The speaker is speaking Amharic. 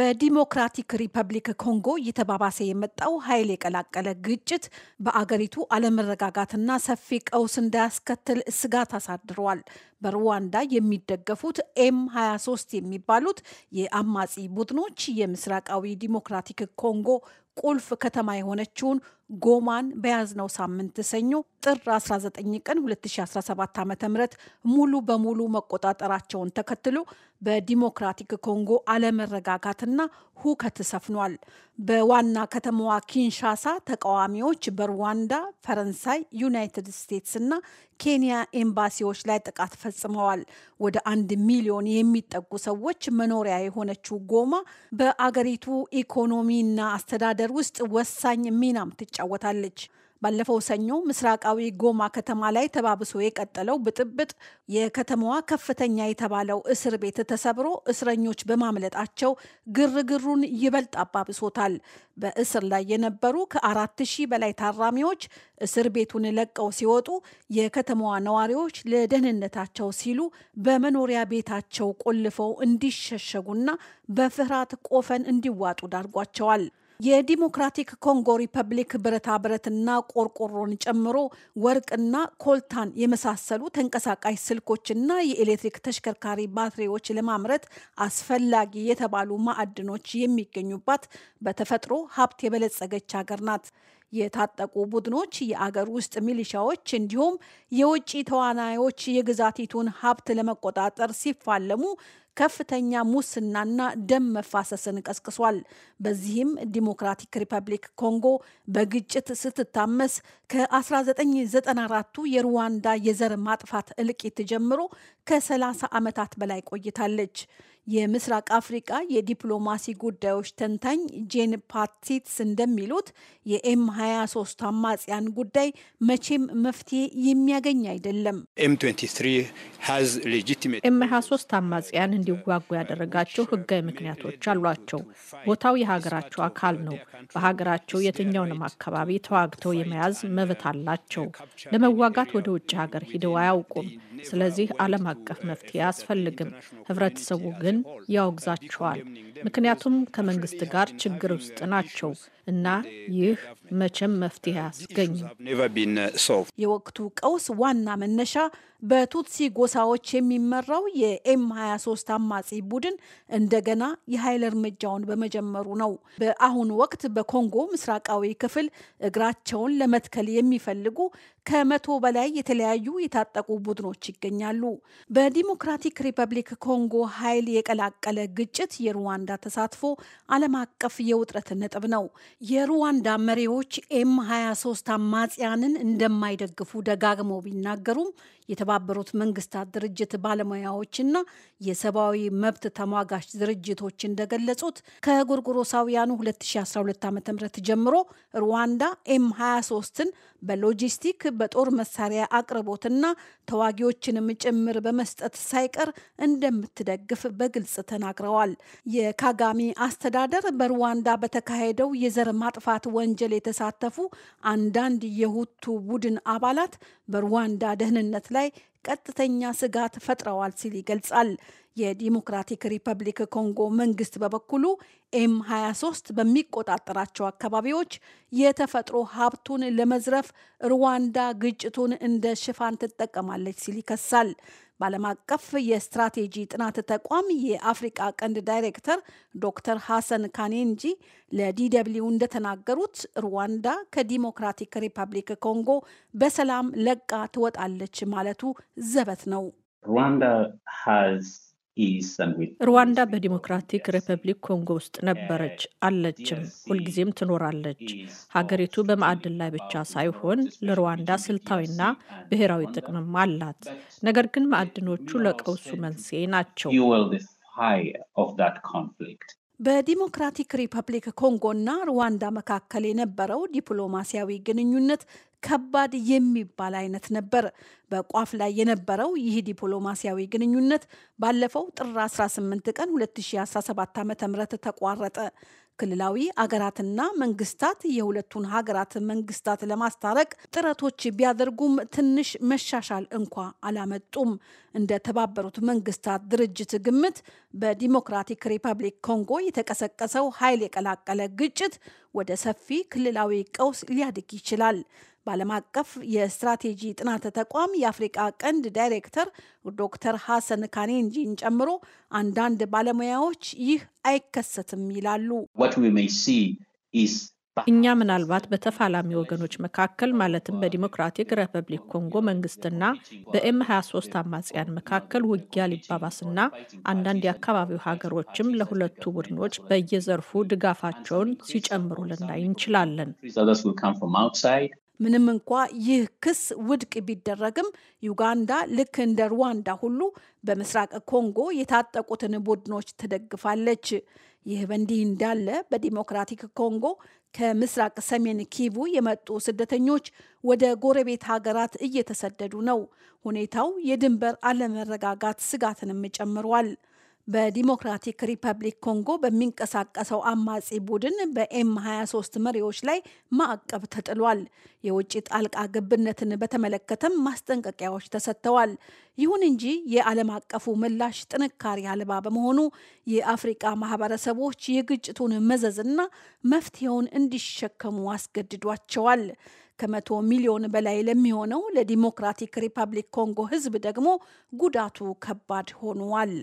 በዲሞክራቲክ ሪፐብሊክ ኮንጎ እየተባባሰ የመጣው ኃይል የቀላቀለ ግጭት በአገሪቱ አለመረጋጋትና ሰፊ ቀውስ እንዳያስከትል ስጋት አሳድረዋል። በሩዋንዳ የሚደገፉት ኤም 23 የሚባሉት የአማጺ ቡድኖች የምስራቃዊ ዲሞክራቲክ ኮንጎ ቁልፍ ከተማ የሆነችውን ጎማን በያዝነው ሳምንት ሰኞ ጥር 19 ቀን 2017 ዓ ም ሙሉ በሙሉ መቆጣጠራቸውን ተከትሎ በዲሞክራቲክ ኮንጎ አለመረጋጋትና ሁከት ሰፍኗል። በዋና ከተማዋ ኪንሻሳ ተቃዋሚዎች በሩዋንዳ፣ ፈረንሳይ፣ ዩናይትድ ስቴትስ እና ኬንያ ኤምባሲዎች ላይ ጥቃት ፈጽመዋል። ወደ አንድ ሚሊዮን የሚጠጉ ሰዎች መኖሪያ የሆነችው ጎማ በአገሪቱ ኢኮኖሚና አስተዳደር ውስጥ ወሳኝ ሚናም ትጫ ትጫወታለች። ባለፈው ሰኞ ምስራቃዊ ጎማ ከተማ ላይ ተባብሶ የቀጠለው ብጥብጥ የከተማዋ ከፍተኛ የተባለው እስር ቤት ተሰብሮ እስረኞች በማምለጣቸው ግርግሩን ይበልጥ አባብሶታል። በእስር ላይ የነበሩ ከአራት ሺህ በላይ ታራሚዎች እስር ቤቱን ለቀው ሲወጡ የከተማዋ ነዋሪዎች ለደህንነታቸው ሲሉ በመኖሪያ ቤታቸው ቆልፈው እንዲሸሸጉና በፍርሃት ቆፈን እንዲዋጡ ዳርጓቸዋል። የዲሞክራቲክ ኮንጎ ሪፐብሊክ ብረታ ብረትና ቆርቆሮን ጨምሮ ወርቅና ኮልታን የመሳሰሉ ተንቀሳቃሽ ስልኮችና የኤሌክትሪክ ተሽከርካሪ ባትሪዎች ለማምረት አስፈላጊ የተባሉ ማዕድኖች የሚገኙባት በተፈጥሮ ሀብት የበለጸገች ሀገር ናት። የታጠቁ ቡድኖች፣ የአገር ውስጥ ሚሊሻዎች እንዲሁም የውጭ ተዋናዮች የግዛቲቱን ሀብት ለመቆጣጠር ሲፋለሙ ከፍተኛ ሙስናና ደም መፋሰስን ቀስቅሷል። በዚህም ዲሞክራቲክ ሪፐብሊክ ኮንጎ በግጭት ስትታመስ ከ1994ቱ የሩዋንዳ የዘር ማጥፋት እልቂት ጀምሮ ከ30 ዓመታት በላይ ቆይታለች። የምስራቅ አፍሪቃ የዲፕሎማሲ ጉዳዮች ተንታኝ ጄን ፓቲትስ እንደሚሉት የኤም 23 አማጽያን ጉዳይ መቼም መፍትሄ የሚያገኝ አይደለም። ኤም 23 አማጽያን እንዲዋጉ ያደረጋቸው ህጋዊ ምክንያቶች አሏቸው። ቦታው የሀገራቸው አካል ነው። በሀገራቸው የትኛውንም አካባቢ ተዋግተው የመያዝ መብት አላቸው። ለመዋጋት ወደ ውጭ ሀገር ሂደው አያውቁም። ስለዚህ ዓለም አቀፍ መፍትሄ አያስፈልግም። ህብረተሰቡ ግን ያወግዛቸዋል፣ ምክንያቱም ከመንግስት ጋር ችግር ውስጥ ናቸው እና ይህ መቼም መፍትሄ አያስገኝም። የወቅቱ ቀውስ ዋና መነሻ በቱትሲ ጎሳዎች የሚመራው የኤም 23 አማጺ ቡድን እንደገና የኃይል እርምጃውን በመጀመሩ ነው። በአሁኑ ወቅት በኮንጎ ምስራቃዊ ክፍል እግራቸውን ለመትከል የሚፈልጉ ከመቶ በላይ የተለያዩ የታጠቁ ቡድኖች ይገኛሉ። በዲሞክራቲክ ሪፐብሊክ ኮንጎ ኃይል የቀላቀለ ግጭት የሩዋንዳ ተሳትፎ ዓለም አቀፍ የውጥረት ነጥብ ነው። የሩዋንዳ መሪዎች ኤም 23 አማጽያንን እንደማይደግፉ ደጋግመው ቢናገሩም የተባበሩት መንግስታት ድርጅት ባለሙያዎችና የሰብአዊ መብት ተሟጋች ድርጅቶች እንደገለጹት ከጎርጎሮሳውያኑ 2012 ዓ ም ጀምሮ ሩዋንዳ ኤም 23ን በሎጂስቲክ በጦር መሳሪያ አቅርቦትና ተዋጊዎች ሌሎችንም ጭምር በመስጠት ሳይቀር እንደምትደግፍ በግልጽ ተናግረዋል። የካጋሚ አስተዳደር በሩዋንዳ በተካሄደው የዘር ማጥፋት ወንጀል የተሳተፉ አንዳንድ የሁቱ ቡድን አባላት በሩዋንዳ ደህንነት ላይ ቀጥተኛ ስጋት ፈጥረዋል ሲል ይገልጻል። የዲሞክራቲክ ሪፐብሊክ ኮንጎ መንግስት በበኩሉ ኤም 23 በሚቆጣጠራቸው አካባቢዎች የተፈጥሮ ሀብቱን ለመዝረፍ ሩዋንዳ ግጭቱን እንደ ሽፋን ትጠቀማለች ሲል ይከሳል። በዓለም አቀፍ የስትራቴጂ ጥናት ተቋም የአፍሪቃ ቀንድ ዳይሬክተር ዶክተር ሐሰን ካኔንጂ ለዲደብሊው እንደተናገሩት ሩዋንዳ ከዲሞክራቲክ ሪፐብሊክ ኮንጎ በሰላም ለቃ ትወጣለች ማለቱ ዘበት ነው። ሩዋንዳ ሩዋንዳ በዲሞክራቲክ ሪፐብሊክ ኮንጎ ውስጥ ነበረች፣ eh, አለችም፣ ሁልጊዜም ትኖራለች። ሀገሪቱ በማዕድን ላይ ብቻ ሳይሆን ለሩዋንዳ ስልታዊና ብሔራዊ ጥቅምም አላት። ነገር ግን ማዕድኖቹ ለቀውሱ መንስኤ ናቸው። በዲሞክራቲክ ሪፐብሊክ ኮንጎ እና ሩዋንዳ መካከል የነበረው ዲፕሎማሲያዊ ግንኙነት ከባድ የሚባል አይነት ነበር። በቋፍ ላይ የነበረው ይህ ዲፕሎማሲያዊ ግንኙነት ባለፈው ጥር 18 ቀን 2017 ዓ ም ተቋረጠ። ክልላዊ አገራትና መንግስታት የሁለቱን ሀገራት መንግስታት ለማስታረቅ ጥረቶች ቢያደርጉም ትንሽ መሻሻል እንኳ አላመጡም። እንደ ተባበሩት መንግስታት ድርጅት ግምት በዲሞክራቲክ ሪፐብሊክ ኮንጎ የተቀሰቀሰው ኃይል የቀላቀለ ግጭት ወደ ሰፊ ክልላዊ ቀውስ ሊያድግ ይችላል። በዓለም አቀፍ የስትራቴጂ ጥናት ተቋም የአፍሪቃ ቀንድ ዳይሬክተር ዶክተር ሐሰን ካኔንጂን ጨምሮ አንዳንድ ባለሙያዎች ይህ አይከሰትም ይላሉ። እኛ ምናልባት በተፋላሚ ወገኖች መካከል ማለትም በዲሞክራቲክ ሪፐብሊክ ኮንጎ መንግስትና በኤም 23 አማጽያን መካከል ውጊያ ሊባባስና አንዳንድ የአካባቢው ሀገሮችም ለሁለቱ ቡድኖች በየዘርፉ ድጋፋቸውን ሲጨምሩ ልናይ እንችላለን። ምንም እንኳ ይህ ክስ ውድቅ ቢደረግም ዩጋንዳ ልክ እንደ ሩዋንዳ ሁሉ በምስራቅ ኮንጎ የታጠቁትን ቡድኖች ትደግፋለች። ይህ በእንዲህ እንዳለ በዲሞክራቲክ ኮንጎ ከምስራቅ ሰሜን ኪቡ የመጡ ስደተኞች ወደ ጎረቤት ሀገራት እየተሰደዱ ነው። ሁኔታው የድንበር አለመረጋጋት ስጋትንም ጨምሯል። በዲሞክራቲክ ሪፐብሊክ ኮንጎ በሚንቀሳቀሰው አማጺ ቡድን በኤም 23 መሪዎች ላይ ማዕቀብ ተጥሏል። የውጭ ጣልቃ ገብነትን በተመለከተም ማስጠንቀቂያዎች ተሰጥተዋል። ይሁን እንጂ የዓለም አቀፉ ምላሽ ጥንካሬ አልባ በመሆኑ የአፍሪቃ ማህበረሰቦች የግጭቱን መዘዝና መፍትሄውን እንዲሸከሙ አስገድዷቸዋል። ከመቶ ሚሊዮን በላይ ለሚሆነው ለዲሞክራቲክ ሪፐብሊክ ኮንጎ ሕዝብ ደግሞ ጉዳቱ ከባድ ሆኗል።